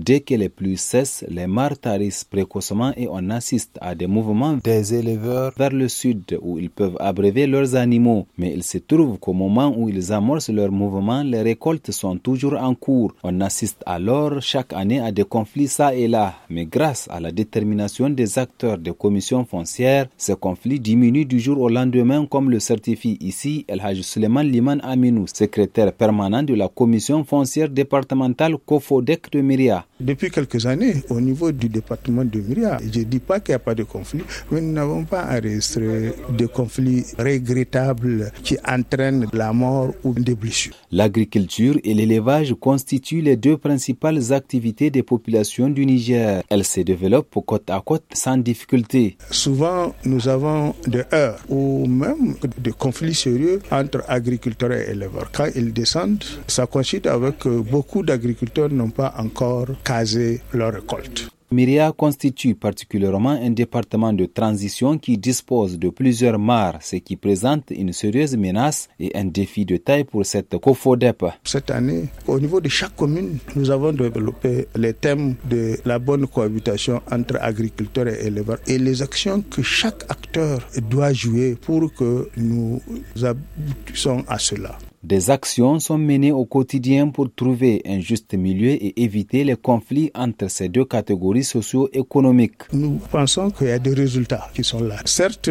Dès que les pluies cessent, les mares tarissent précocement et on assiste à des mouvements des éleveurs vers le sud où ils peuvent abréver leurs animaux. Mais il se trouve qu'au moment où ils amorcent leur mouvement, les récoltes sont toujours en cours. On assiste alors chaque année à des conflits ça et là. Mais grâce à la détermination des acteurs des commissions foncières, ces conflits diminuent du jour au lendemain comme le certifie ici El Hajj Suleiman Liman Aminou, secrétaire permanent de la commission foncière départementale COFODEC de Myria. Depuis quelques années, au niveau du département de Myria, je ne dis pas qu'il n'y a pas de conflit, mais nous n'avons pas enregistré de conflits regrettables qui entraînent la mort ou des blessures. L'agriculture et l'élevage constituent les deux principales activités des populations du Niger. Elles se développent côte à côte sans difficulté. Souvent, nous avons des heures ou même des conflits sérieux entre agriculteurs et éleveurs. Quand ils descendent, ça coïncide avec beaucoup d'agriculteurs n'ont pas encore caser leur récolte. Myria constitue particulièrement un département de transition qui dispose de plusieurs mares, ce qui présente une sérieuse menace et un défi de taille pour cette COFODEP. Cette année, au niveau de chaque commune, nous avons développé les thèmes de la bonne cohabitation entre agriculteurs et éleveurs et les actions que chaque acteur doit jouer pour que nous aboutissions à cela. Des actions sont menées au quotidien pour trouver un juste milieu et éviter les conflits entre ces deux catégories socio-économiques. Nous pensons qu'il y a des résultats qui sont là. Certes,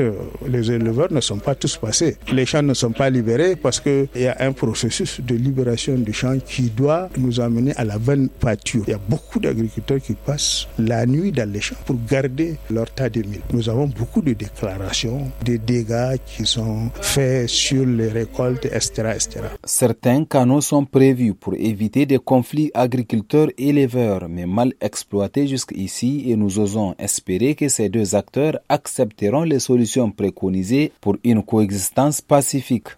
les éleveurs ne sont pas tous passés. Les champs ne sont pas libérés parce qu'il y a un processus de libération des champs qui doit nous amener à la bonne pâture. Il y a beaucoup d'agriculteurs qui passent la nuit dans les champs pour garder leur tas de mille. Nous avons beaucoup de déclarations des dégâts qui sont faits sur les récoltes, etc. etc. Certains canaux sont prévus pour éviter des conflits agriculteurs-éleveurs, mais mal exploités jusqu'ici et nous osons espérer que ces deux acteurs accepteront les solutions préconisées pour une coexistence pacifique.